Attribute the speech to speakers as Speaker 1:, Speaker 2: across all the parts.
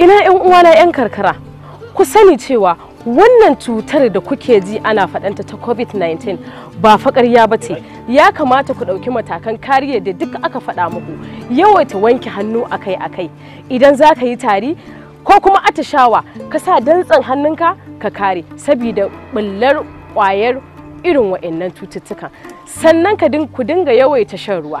Speaker 1: ina yan uwana yan karkara ku sani cewa wannan cutar da kuke ji ana faɗanta ta covid-19 ba faƙarya ba ce ya kamata ku ɗauki matakan kariya da duk aka faɗa muku yawaita wanke hannu akai-akai idan za ka yi tari ko kuma atishawa ka sa dantsan hannunka ka kare saboda ɓullar ƙwayar irin wa'annan cututtukan sannan ku dinga yawaita shan ruwa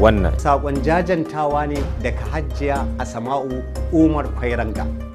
Speaker 2: wannan.
Speaker 3: Sakon jajantawa ne daga hajjiya a sama'u Umar Kwairanga.